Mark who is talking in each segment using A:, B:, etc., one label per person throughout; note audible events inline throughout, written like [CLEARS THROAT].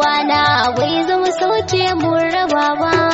A: uwana wai zama sauce mun raba ba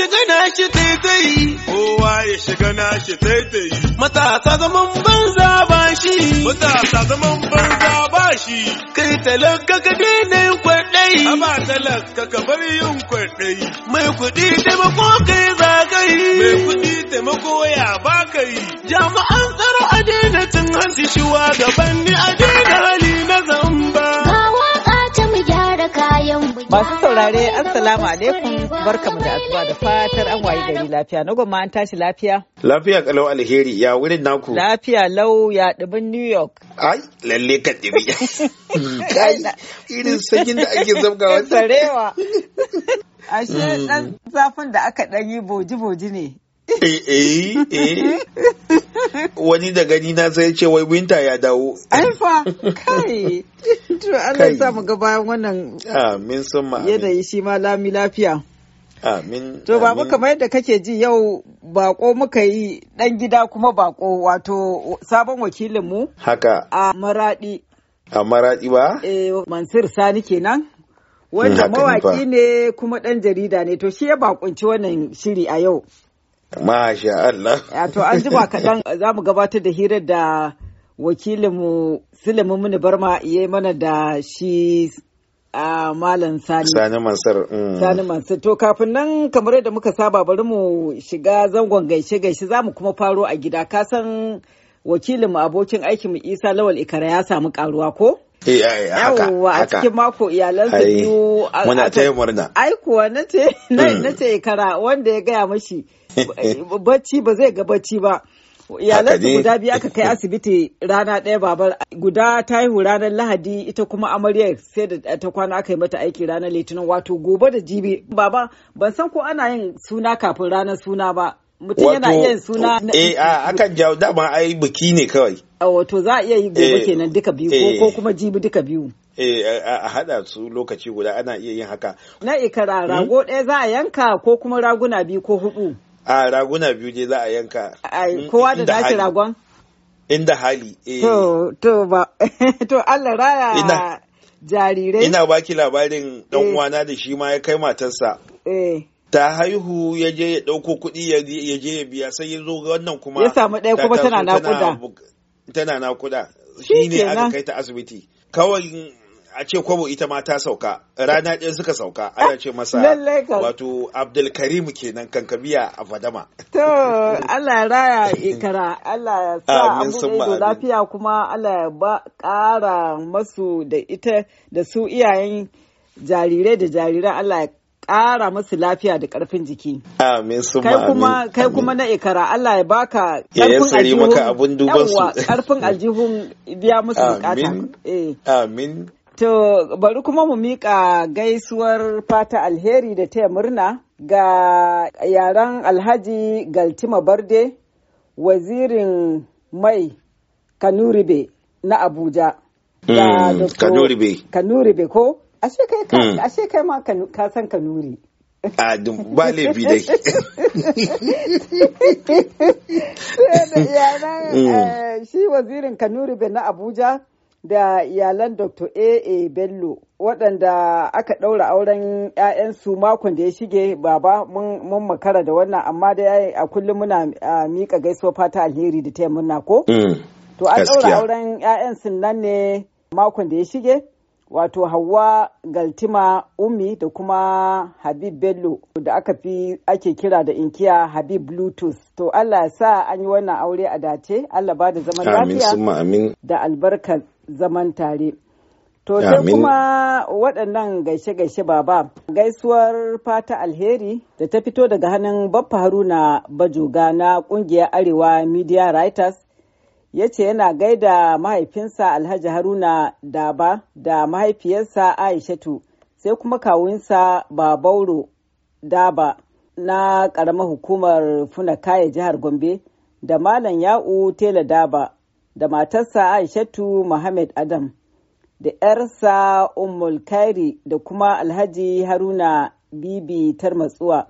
A: shiga nashi taitai kowa ya shiga nashi taitayi matasa zaman banza ba shi matasa zaman banza ba shi kai talaka ka dena yin kwaɗayi amma talaka ka bar yin kwaɗayi mai kuɗi taimako kai zagayi mai kuɗi taimako ya baka yi jami'an tsaro a daina cin hanci shiwa gaban ni a daina
B: Masu saurare, Assalamu alaikum, barkamu da asuba da fatar an wayi gari lafiya. Na gwamma an tashi lafiya?
C: Lafiya kalau alheri, ya wurin naku.
B: Lafiya lau ya ɗibin New York.
C: Ai, lalle ka ɗibi. [LAUGHS]
B: Kai, irin sakin da ake zabgawa. Sarewa. [LAUGHS] Ashe mm. ɗan zafin da aka ɗan yi boji-boji ne.
C: Eh, eh, eh. [LAUGHS] wani da gani na sai ce wai winta ya dawo
B: aifa kai [LAUGHS] to Allah sa mu ga bayan wannan
C: amin summa
B: yanayi shi ma lami lafiya
C: Amin. To baba kamar
B: yadda kake ji yau bako muka yi dan gida kuma bako wato sabon wakilin mu Haka. A maradi.
C: A maradi ba?
B: Eh Mansur Sani kenan.
C: Wanda mawaki
B: ne kuma dan jarida ne to shi ya bakunci wannan shiri a yau.
C: Masha Allah.
B: [LAUGHS] To an jima kaɗan za mu gabatar da hirar da wakilinmu Sulemu Mini Barma ya mana da shi a Malam Sani.
C: Sani Mansur. Mm. Sani
B: Mansur. To kafin nan kamar yadda muka saba bari mu shiga zangon gaishe-gaishe za mu kuma faro a gida. Ka san wakilinmu abokin aikinmu Isa Lawal Ikara ya samu karuwa ko?
C: Eh, eh, eh, yawwa a cikin
B: mako iyalansa biyu muna ta yi murna ai kuwa mm. na ce ikara wanda ya gaya mashi
C: [LAUGHS]
B: bacci ba zai ga bacci ba su guda biyu aka kai asibiti rana ɗaya babar guda ta yi ranar lahadi ita kuma amarya sai da ta kwana aka yi mata aiki ranar litinin wato gobe da jibi baba ban san ko ana yin suna kafin ranar suna ba mutum yana iya yin suna eh a
C: akan jawo dama a yi biki ne kawai
B: a wato za a iya yi gobe eh, kenan duka biyu ko eh. kuma jibi duka biyu
C: eh, a haɗa su lokaci guda ana iya yin haka
B: na ikara hmm? rago ɗaya za a yanka ko kuma raguna biyu ko hudu
C: a raguna biyu dai za a yanka kowa da dace ragon inda hali eh.
B: to ba [LAUGHS] to Allah raya ina jarirai ina
C: baki labarin dan eh. uwana da shi ma ya kai matarsa eh ta haihu ya je ya dauko kuɗi ya je ya biya sai ya zo ga wannan kuma ya samu ɗaya kuma tana nakuda tana nakuda shi aka kai ta asibiti kawai a ce kwabo ita ma ta sauka rana ɗaya suka sauka ana ce masa [LAUGHS] wato abdulkarim kenan kankabiya a fadama
B: to allah ya raya ikara allah ya sa abu da lafiya kuma allah ya ba ƙara masu da ita da su iyayen jarirai da jarirai, allah ya ƙara masu lafiya da ƙarfin jiki.
C: Amin su amin.
B: Kai kuma na ikara Allah ya baka ƙarfin aljihun. Ya ƙarfin aljihun biya musu bukata. Amin. Eh.
C: Amin.
B: To bari kuma mu miƙa gaisuwar fata alheri da taya murna ga yaren Alhaji Galtima Barde, wazirin mai Kanuribe na Abuja.
A: Mm,
B: Kanuribe. Kanuribe ko? Ashe kai mm. ma ka san Kanuri. a ba laifi dai [LAUGHS] mm. eh, shi wazirin Kanuribe na abuja da iyalan Dr. A.A. Bello waɗanda aka ɗaura auren 'ya'yansu makon da ya shige baba mun makara da wannan amma da a kullum muna miƙa gaisuwa fata alheri da taimun murna ko?
A: Mm, to an ɗaura
B: auren 'ya'yansu nan ne makon da ya shige wato Hauwa Galtima Umi da kuma Habib Bello da aka fi ake kira da inkiya Habib Bluetooth. To Allah ya sa an yi wannan aure a dace, Allah ba da zaman lafiya da albarkar zaman tare. To sai kuma waɗannan gaishe-gaishe baba gaisuwar fata alheri da ta fito daga hannun Baffa Haruna Bajoga na ƙungiyar Arewa Media Writers ya ce yana gaida mahaifinsa Alhaji Haruna Daba da mahaifiyarsa Aishatu sai kuma kawunsa Babauro Daba na ƙaramar hukumar Funakaya jihar Gombe da Malam Ya'u Tela Daba da matarsa aishatu muhammad adam da 'yarsa ummul kairi da kuma alhaji haruna bibi tarmatsuwa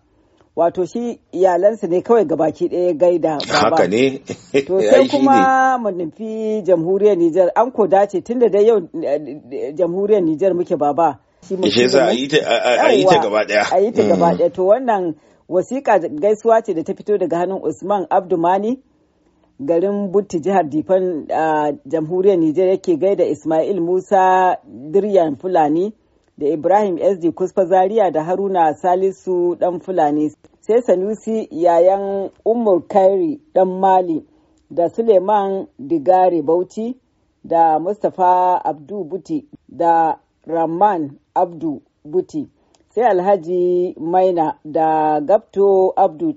B: wato shi iyalansa ne kawai gabaki ɗaya gaida haka
C: ne to [LAUGHS] sai kuma
B: mu nufi jamhuriyar Nijar an ko dace da dai yau eh, jamhuriyar Nijar muke baba shi mu a yi ta gaba ɗaya a yi ta gaba hmm. ɗaya to wannan wasiƙa gaisuwa ce da ta fito daga hannun Usman Abdumani garin Butti jihar Difan a jamhuriyar Nijar yake gaida Ismail Musa Diryan Fulani da Ibrahim SD kuspa Zaria da Haruna Salisu dan Fulani sai Sanusi yayan Ummul Kairi dan Mali da Suleiman Digare Bauchi da Mustapha Abdu Buti da Rahman Abdu Buti sai Alhaji Maina da Gabto Abdu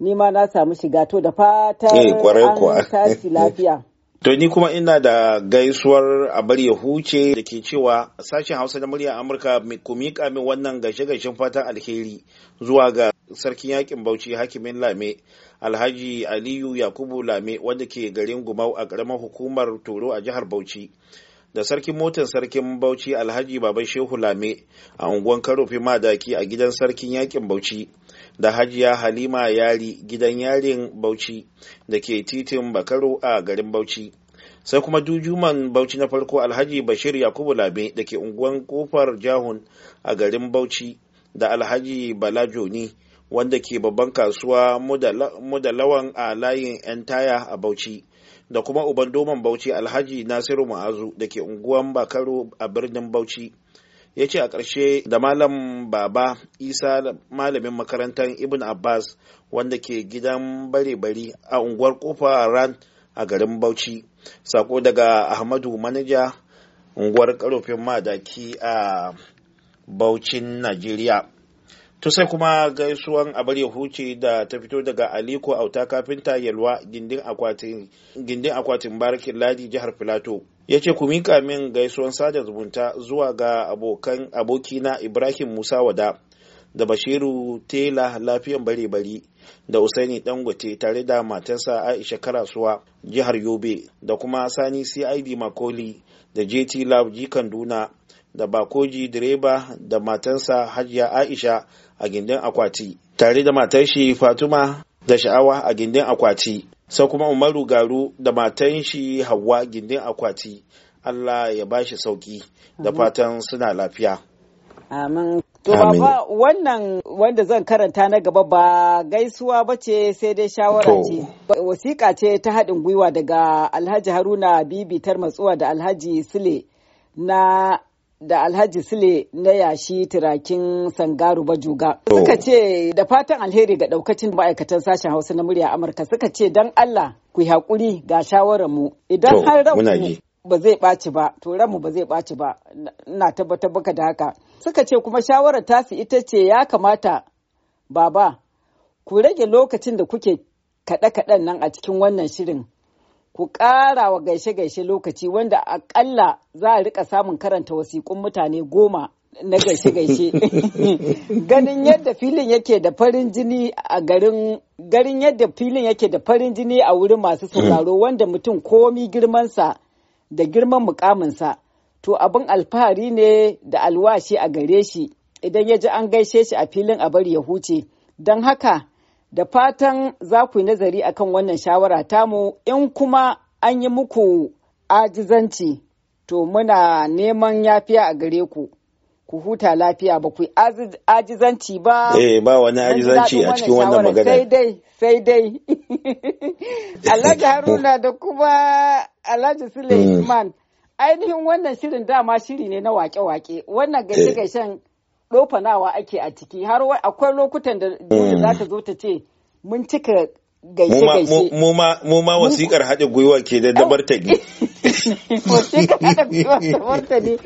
B: ni ma na samu shiga to da fata eh, an tashi lafiya. [LAUGHS]
C: To ni kuma ina da gaisuwar a bari ya huce da ke cewa sashen Hausa da murya Amurka ku miƙa min wannan gashe-gashen fatan alheri zuwa ga sarkin yakin Bauchi hakimin Lame Alhaji Aliyu Yakubu Lame wanda ke garin Gumau a ƙaramar hukumar Toro a jihar Bauchi da sarkin motar sarkin bauchi alhaji baba shehu lame a unguwan karofi madaki a gidan sarkin yakin bauchi da hajiya halima yari gidan yarin bauchi da ke titin bakaro a garin bauchi sai kuma dujuman bauchi na farko alhaji bashir yakubu lame da ke unguwan kofar jahun a garin bauchi da alhaji bala joni wanda ke babban kasuwa mudalawan a layin 'yan taya a bauchi da kuma uban doman bauchi alhaji nasiru ma'azu da ke unguwan bakaro a birnin bauchi ya ce a ƙarshe da malam baba isa malamin makarantar ibn abbas wanda ke gidan bare-bari a unguwar kofa ran a garin bauchi sako daga ahmadu manaja unguwar karofin madaki a bauchin najeriya To kuma gaisuwan abar huce da ta fito daga Aliko Auta kafinta Yalwa gindin akwatin Barakin ladi jihar Filato. Ya ce ku miƙa min gaisuwan sada zumunta zuwa ga abokina Ibrahim Musa Wada da Bashiru Tela lafiyan bare-bari da Usaini Dangote tare da matarsa Aisha Karasuwa jihar Yobe da kuma Sani CID Makoli da JT Lab Jikanduna da bakoji direba da matansa hajiya aisha a gindin akwati tare da matar shi fatuma da sha'awa a gindin akwati sai kuma umaru garu da matan shi hawa gindin akwati allah ya ba shi sauki da fatan suna lafiya
B: amin To baba wannan wanda zan karanta na gaba ba gaisuwa ba ce sai dai shawara ce. Wasiƙa ce ta haɗin gwiwa daga Alhaji Haruna Bibi Tarmatsuwa da Alhaji Sule na da Alhaji Sule na yashi turakin Sangaru Bajuga. Suka ce da fatan alheri ga daukacin ma'aikatan sashen Hausa na murya Amurka suka ce don Allah ku yi haƙuri ga shawararmu idan har ramu ba zai ɓaci ba to ramu ba zai ɓaci ba na tabbatar baka da haka. Suka ce kuma shawarar tasu ita ce ya kamata baba ku rage lokacin da kuke kaɗe-kaɗen nan a cikin wannan shirin ku ƙara wa gaishe-gaishe lokaci wanda akalla za a rika samun karanta wasiƙun mutane goma na gaishe-gaishe
A: [LAUGHS]
B: ganin yadda filin yake da farin jini a garin garin yadda filin yake da farin jini a wurin masu sauraro mm. wanda mutum komi girmansa da girman mukaminsa to abin alfahari ne da alwashi a gare shi idan ya ji an gaishe shi a filin a bari ya huce don haka Da fatan za ku yi nazari akan wannan shawara tamu in kuma an yi muku ajizanci to muna neman yafiya a gare ku. ku huta lafiya ba ku ajizanci ba. Eh ba wani ajizanci a cikin wannan magana. Sai dai, sai dai. [LAUGHS] Alhaji Haruna da kuma Alhaji Suleiman. Mm. Ainihin wannan shirin dama shiri ne na wake-wake. Wannan eh. gaishe-gaishen ɗofanawa ake a ciki har akwai lokutan da mm. za ta zo ta ce mun cika gaishe gaishe
C: mu ma wasikar haɗa gwiwa ke da dabar ta ne
B: [LAUGHS] wasikar haɗa gwiwa dabar ta ne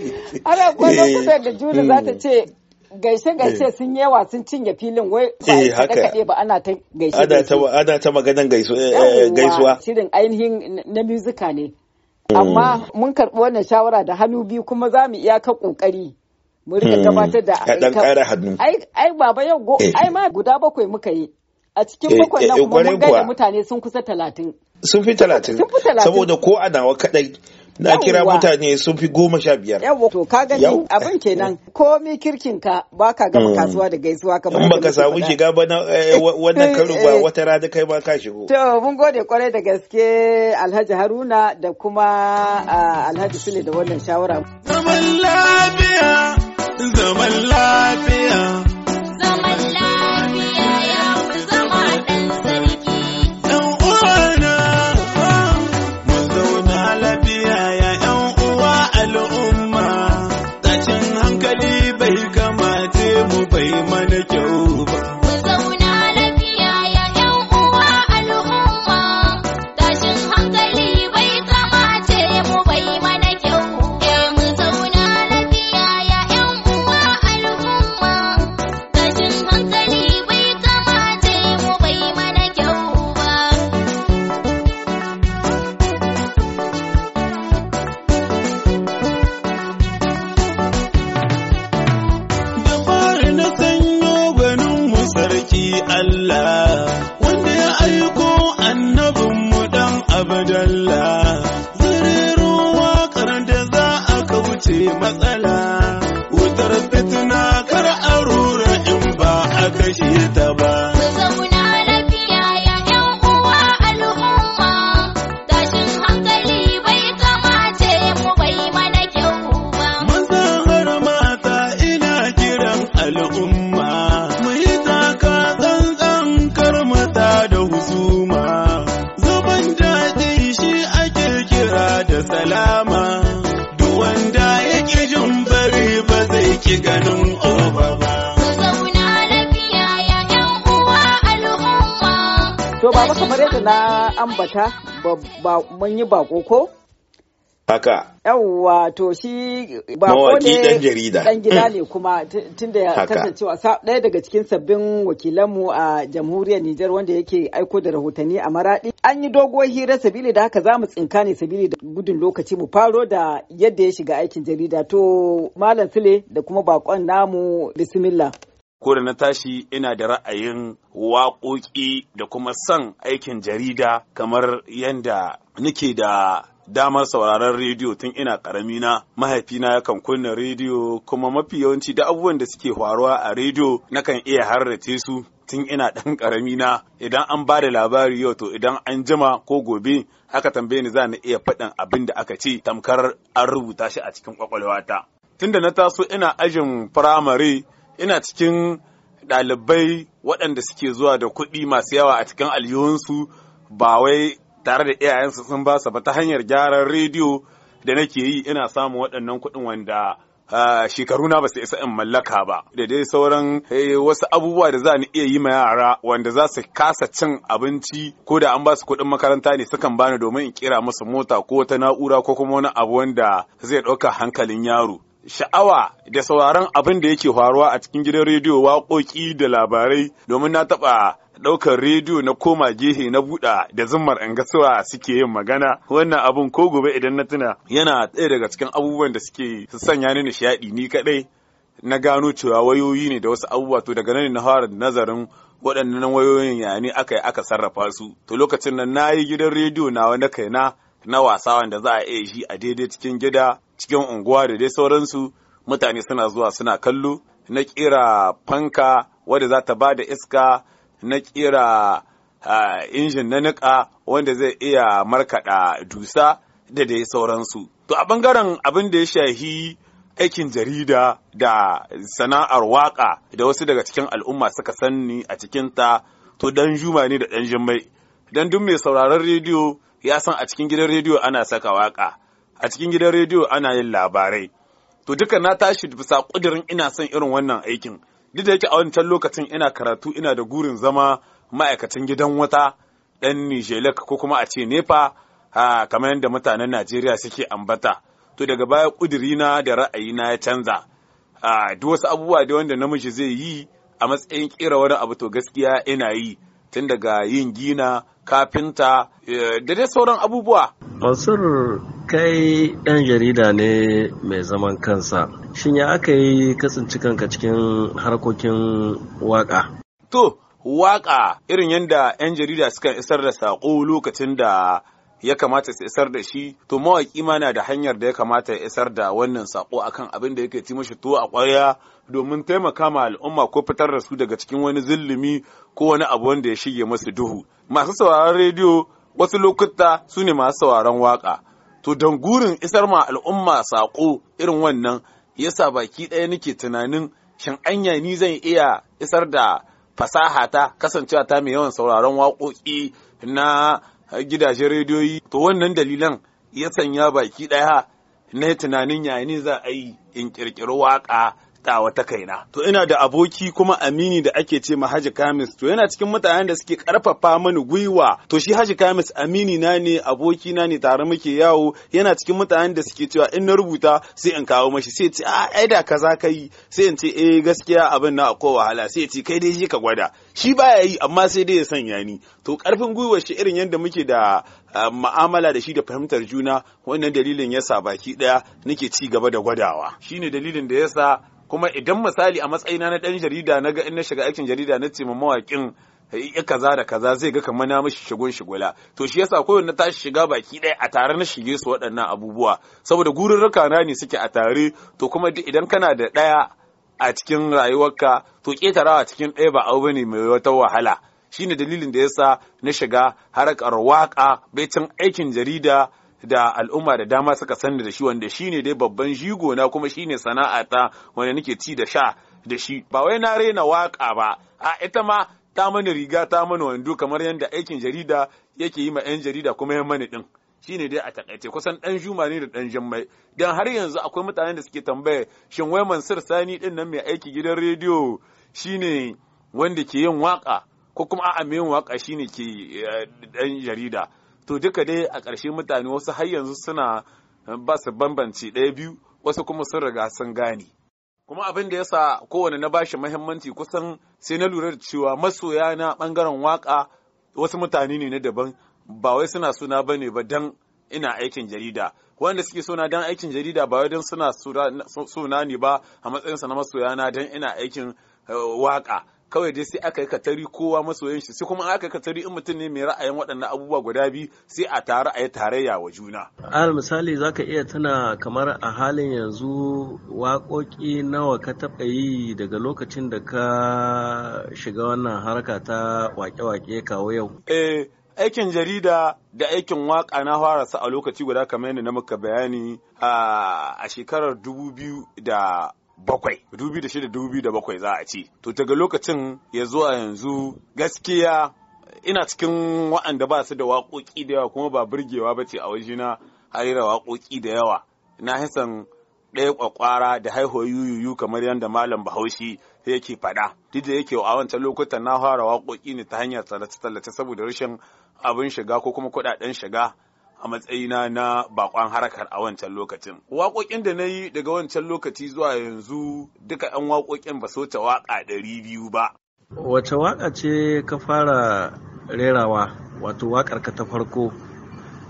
B: har akwai lokutan da juna za ta ce gaishe gaishe eh. sun yawa sun cinye filin wai ba eh, kaɗe ba ana ta gaishe gaishe
C: ana ta maganan eh, gaisuwa
B: shirin ainihin na muzika ne mm. amma mun karɓi wannan shawara da hannu biyu kuma za mu iya ka ƙoƙari mu rika hmm. gabatar da ai baba yau go eh. ai ma guda bakwai muka yi a cikin eh, bakwai nan eh, kuma mun gaida mutane sun kusa talatin
C: sun fi talatin saboda ko a nawa kadai
B: na kira mutane
C: sun fi goma sha biyar
B: yawa to ka gani abin kenan komi kirkin ka ba ka gama hmm. kasuwa da gaisuwa ka ba ka samu shiga
C: ba na [LAUGHS] wannan karo ba wata rana kai ma ka shigo
B: to mun gode kwarai da gaske Alhaji Haruna da kuma ah, Alhaji Sule da wannan shawara
A: zaman lafiya
B: zaman lafiya.
A: Zaman lafiya ya fi zama ɗan sarki. ‘Yan uwana, mu zauna lafiya ya ‘yan uwa al'umma, tashin hankali bai kamata mu bai mana. suma zuban daɗin shi ake kira da salama duk wanda ya jin bari ba zai ki ganin oba ba
B: To ba kamar yadda na ambata ba mun yi bako ko? haka yawwa to shi ba mawaki dan jarida dan gida ne [CLEARS THROAT] kuma tunda ya kasancewa ɗaya daga cikin sabbin wakilanmu a jamhuriyar Nijar wanda yake aiko da rahotanni a maradi an yi doguwar hira sabili da haka zamu mu tsinka ne sabili da gudun lokaci mu faro da yadda ya shiga aikin jarida to malam sule da kuma bakon namu bismillah
D: ko da na tashi ina da ra'ayin waƙoƙi da kuma son aikin jarida kamar yadda nake da damar sauraron rediyo tun ina karami na mahaifina yakan kunna rediyo kuma mafi yawanci da abubuwan da suke faruwa a rediyo nakan iya harrace su tun ina ɗan ƙarami na idan an ba da labari yau to idan an jima ko gobe aka tambaye ni za na iya faɗin abin da aka ce tamkar an rubuta shi a cikin kwakwalwata Tunda na taso ina ajin firamare ina cikin ɗalibai waɗanda suke zuwa da kuɗi masu yawa a cikin aljihunsu ba wai tare da iyayensu sun ba su ba ta hanyar gyaran rediyo da nake yi ina samun waɗannan kuɗin wanda shekaru na ba su isa in mallaka ba da dai sauran eh, wasu abubuwa da za ni iya yi ma yara wanda za su kasa cin abinci ko da an ba su kuɗin makaranta ne sukan bani domin in kira musu mota ko wata na'ura ko kuma wani abu wanda zai ɗauka hankalin yaro sha'awa da sauraron abin da yake faruwa a cikin gidan rediyo waƙoƙi da labarai domin na taɓa ɗaukar rediyo na koma gehe na buɗa da zummar ga gasuwa suke yin magana wannan abun ko gobe idan na tuna yana ɗaya daga cikin abubuwan da suke sanya ni nishaɗi ni kaɗai na gano cewa wayoyi ne da wasu abubuwa to daga nan na fara nazarin waɗannan wayoyin ya aka yi aka sarrafa su to lokacin nan na yi gidan rediyo na kaina kai na na wasa wanda za a iya shi a daidai cikin gida cikin unguwa da dai sauransu mutane suna zuwa suna kallo na kira fanka wadda za ta ba da iska na kira injin na niƙa wanda zai iya markaɗa dusa da dai sauransu. To a bangaren abin da ya shahi aikin jarida da sana'ar waƙa da wasu daga cikin al'umma suka sanni a cikin ta, to dan juma ne da dan jima'i. Dan duk mai sauraron rediyo ya san a cikin gidan rediyo ana saka waƙa, a cikin gidan rediyo ana yin labarai. To duka na tashi bisa ƙudurin ina son irin wannan aikin. duk da yake a wancan lokacin ina karatu ina da gurin zama ma'aikacin gidan wata ɗan nijelek ko kuma a ce nefa kamar yadda mutanen najeriya suke ambata to daga baya na da ra'ayina ya canza duk wasu abubuwa da wanda namiji zai yi a matsayin ƙera wani abu to gaskiya ina yi tun daga yin gina kafinta eh, da
B: dai sauran abubuwa. Mansur kai ɗan jarida ne mai zaman kansa. Shin ya aka yi kasance kanka cikin harkokin waƙa.
D: To, waƙa irin yadda 'yan jarida suka isar da saƙo lokacin da ya kamata su isar da shi to mawaƙi ma na da hanyar da ya kamata ya isar da wannan sako akan abin da yake ci mashi tuwo a ƙwarya domin taimaka ma al'umma ko fitar da su daga cikin wani zulumi ko wani abu wanda ya shige masu duhu masu sauraron rediyo wasu lokuta su ne masu sauraron waƙa. to don gurin isar ma al'umma sako irin wannan yasa baki ɗaya nake tunanin shin anya ni zan iya isar da fasaha ta kasancewa ta mai yawan sauraron waƙoƙi na gidajen rediyoyi to wannan dalilan ya sanya baki ɗaya na tunanin yayin za a yi in ƙirƙiri waƙa tawa ta kaina to ina da aboki kuma amini da ake ce ma Haji Kamis to yana cikin mutanen da suke karfafa mani gwiwa to shi Haji Kamis amini na ne aboki na ne tare muke yawo yana cikin mutanen da suke cewa in na rubuta sai in kawo mashi sai ce a ah, ai da kaza kai sai in ce eh gaskiya abin na akwai wahala sai ce kai dai je ka gwada shi baya yi amma sai dai ya sanya ni to karfin gwiwar shi irin yadda muke da ah, ma'amala da shi da fahimtar juna wannan dalilin yasa baki daya nake ci gaba da gwadawa shine dalilin da yasa kuma idan misali a matsayina na ɗan jarida na ga in na shiga aikin jarida na ce mawaƙin ya kaza da kaza zai ga kamar na mishi shigun shigula to shi yasa kowanne na tashi shiga baki ɗaya a tare na shige su waɗannan abubuwa saboda gururruka na ne suke a tare to kuma idan kana da ɗaya a cikin rayuwarka to ƙetarawa cikin ɗaya ba abu ne mai wata wahala shine dalilin da yasa na shiga harkar waka baicin aikin jarida da al'umma da dama suka sani da shi wanda shi ne dai babban jigo na kuma shi sana'a sana'ata wanda nake ci da sha da shi ba wai na rena waka ba a ita ma ta mana riga ta mana wando kamar yadda aikin jarida yake yi ma 'yan jarida kuma ya mani din ne dai a takaice kusan dan juma ne da dan jammai dan har yanzu akwai mutanen da suke tambaya shin wai mansur sani din nan mai aiki gidan rediyo shine wanda ke yin waka ko kuma a'a mai yin waka shine ke dan eh, jarida to duka dai a ƙarshe mutane wasu har yanzu suna eh, ba su bambanci ɗaya biyu wasu kuma sun riga sun gane kuma abin da yasa kowane na bashi mahimmanci kusan sai na lura da cewa masoya na bangaren waka wasu mutane ne na daban ba wai suna suna ba ne ba dan ina aikin jarida wanda suke suna dan aikin jarida ba wai dan suna suna ne ba a matsayinsa na masoya na dan ina aikin eh, waka kawai dai sai aka yi katari kowa masoyin shi sai kuma aka yi katari in mutum ne mai ra'ayin waɗannan abubuwa guda biyu sai a tare a yi tarayya wa juna.
B: al misali za ka iya tana kamar a halin yanzu waƙoƙi nawa ka taɓa yi daga lokacin da ka shiga wannan harka ta waƙe-waƙe kawo yau. eh aikin jarida da
D: aikin waka na fara sa a lokaci guda kamar yadda na muka bayani ah, a shekarar dubu biyu da bakwai dubi da shida dubi da bakwai za a ci to daga lokacin ya zuwa yanzu gaskiya ina cikin wa'anda ba su da waƙoƙi da yawa kuma ba burgewa ba ce a na harira waƙoƙi da yawa na hisan ɗaya ƙwaƙwara da haihuwar yuyuyu kamar yadda malam bahaushe yake faɗa duk da yake a wancan lokutan na fara waƙoƙi ne ta hanyar tallace-tallace saboda rashin abin shiga ko kuma kuɗaɗen shiga a matsayina na bakon harakar a wancan lokacin. Waƙoƙin da na yi daga wancan lokaci zuwa yanzu duka 'yan waƙoƙin ba so ta waƙa ɗari biyu ba.
B: Wace waƙa ce ka fara rerawa wato waƙar ka ta farko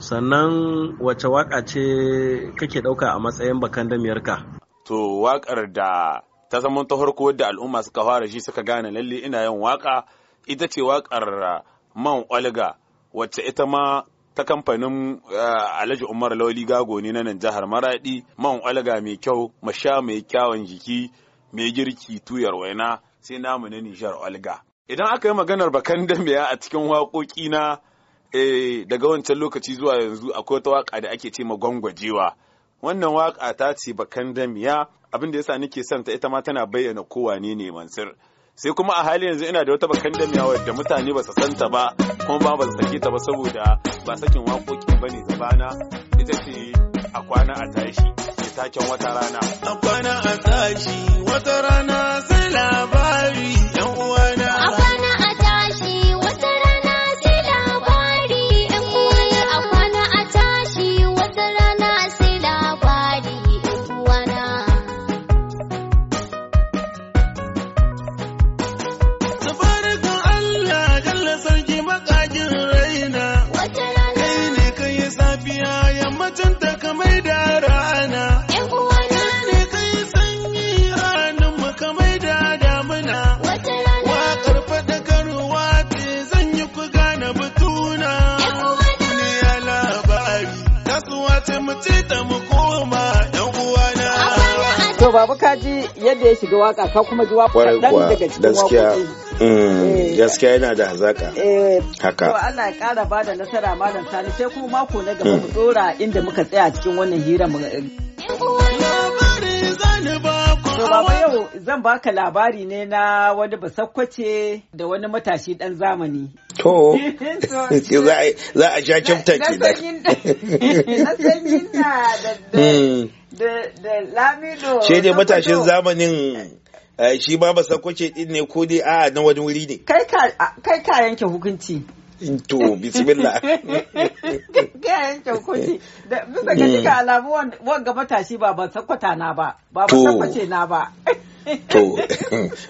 B: sannan wace waƙa ce kake ɗauka a matsayin bakan damiyarka?
D: To waƙar da ta zama ta farko wadda al'umma suka fara shi suka gane lalle ina yin waƙa ita ce waƙar man olga wacce ita ma ta kamfanin eh, Alhaji Umar Lawali Gago ne na nan jihar Maradi man olga mai kyau masha mai kyawun jiki mai girki tuyar waina sai namu na Nijar olga. idan aka yi maganar bakan dambiya a cikin waƙoƙi na eh, daga wancan lokaci zuwa yanzu akwai wata waka da ake ce ma gwangwajewa wannan waƙa ta ce bakan damiya abin da yasa nake son ta ita ma tana bayyana kowa ne ne mansur sai kuma a hali yanzu ina da wata bakan damiya wadda mutane ba su santa ba kuma ba ba su sake ta ba saboda ba sakin waƙoƙi ba ne gabana ita ce a kwana a tashi mai taken wata rana a kwana a tashi wata rana sai labari
B: babu kaji yadda ya shiga waka ka kuma ji waka dan daga cikin gaskiya
C: mm, eh. gaskiya yana da hazaka. Eh. Haka. To
B: Allah ya kara bada nasara malam sani sai kuma mako na gaba mm. mu dora inda muka tsaya cikin wannan hira mu. Eh. To baba yau zan baka labari ne na wani basakwace da wani matashi dan zamani.
C: To, [LAUGHS] [LAUGHS] za a sha kyauta ke [LAUGHS] da.
B: Na sanyin da mm. da lamido shi
C: ne matashin zamanin eh, shi ma ba sakwace din ne ko dai a na wani wuri
B: ne kai ka yanke hukunci to bismillah ga [LAUGHS] yanke hukunci da bisa ga hmm. duka alamu wanga matashi ba ba sakwata na ba ba ba sakwace na ba
C: to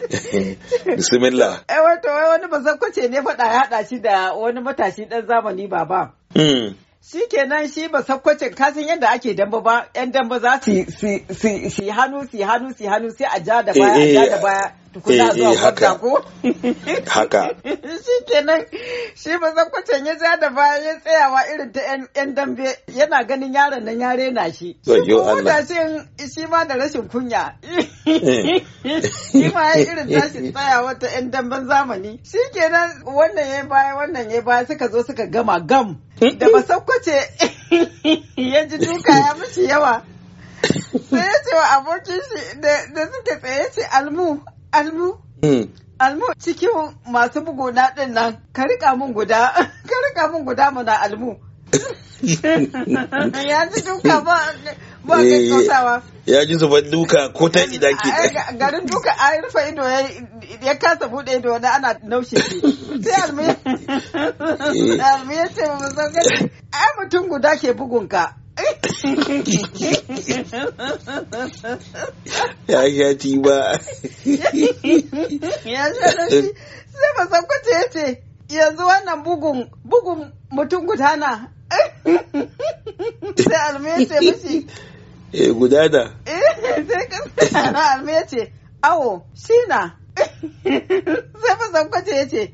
C: [LAUGHS] bismillah
B: eh wato wani ba sakwace ne faɗa ya haɗa shi da wani matashi ɗan zamani ba ba hmm. shi kenan shi ba sakwace kasan yadda ake damba ba yan damba za su si hannu si hannu si hannu sai a ja da eh, baya a ja eh, da baya tukuna eh, zuwa ko [LAUGHS] haka [LAUGHS] shi kenan shi ba sakwacen ya ja da baya ya tsayawa irin ta yan dambe yana ganin yaron nan yare na shi shi ma da rashin kunya [LAUGHS] shi ma ya irin tashi tsayawa ta yan damben zamani shi kenan wannan ya baya wannan ya baya suka zo suka gama gam da ce, [LAUGHS] ya ji duka ya mishi yawa sai ya ce wa abokin shi da suka tsaye ce almu almu hmm. almu cikin masu bugu na din nan ka rika min guda [LAUGHS] ka rika min guda mana almu
C: [LAUGHS]
B: ya ji duka ba ba kai eh.
C: ya ji zubar duka ko ta ida ke
B: garin duka a rufe ido ya kasa bude ido wani ana naushe sai eh. almi ya ce ba san gani ai mutum guda ke bugunka
C: ya sha ti ba
B: ya sha shi sai ba san kwace ya ce yanzu wannan bugun bugun mutum guda na sai almi ya ce mashi
C: eh da.
B: eh sai kaskana na alme ya ce awo shina sai fasan kwace ya ce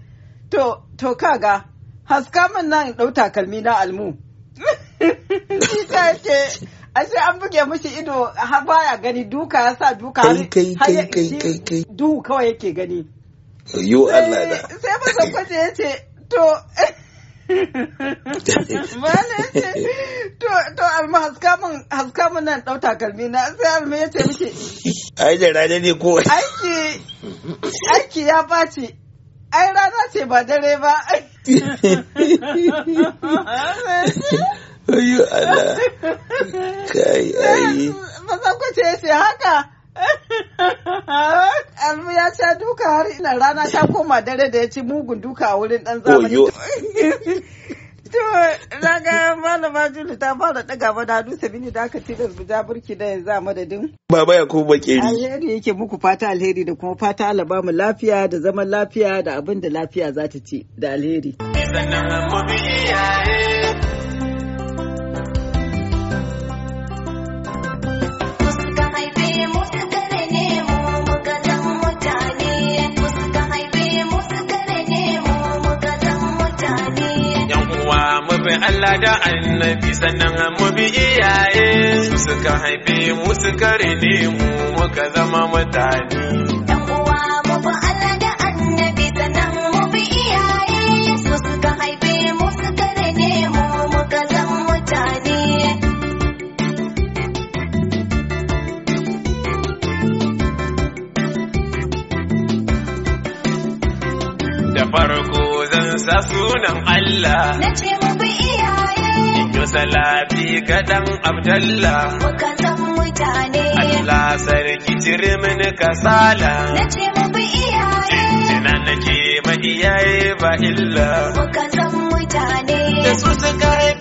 B: to to kaga haska min nan ɗau takalmi na almu shi ta ce ashe an buge mushi ido har baya gani duka ya sa duka kai kai kai kai kai duhu kawai yake gani
C: yo Allah da
B: sai ba kwace ya ce to to alma haska mun nan ɗau takalmi na sai alma ya ce muke
C: ai da rana ne ko
B: aiki aiki ya baci ai rana ce ba dare ba
A: Ayu ala kai ayi.
B: Ba san kwace ce haka. almu ya ce duka har ina rana ta koma dare da ya ci mugun duka a wurin dan zamani [LAUGHS] to raga malama julu ta fara ɗaga ba da dusa bini da aka tilas ja burki da yanzu a madadin
C: baba ya ko keri. alheri
B: yake muku fata alheri da kuma fata alaba mu lafiya da zaman lafiya da abin da lafiya za ta ci da alheri
A: Allah da annabi sannan mu bi iyaye su suka haife mu suka rene mu muka zama mutane gadan abdalla muka mutane Allah sarki jirimin kasala na ce mu bi iyaye jina nake ma iyaye ba illa muka san mutane da su suka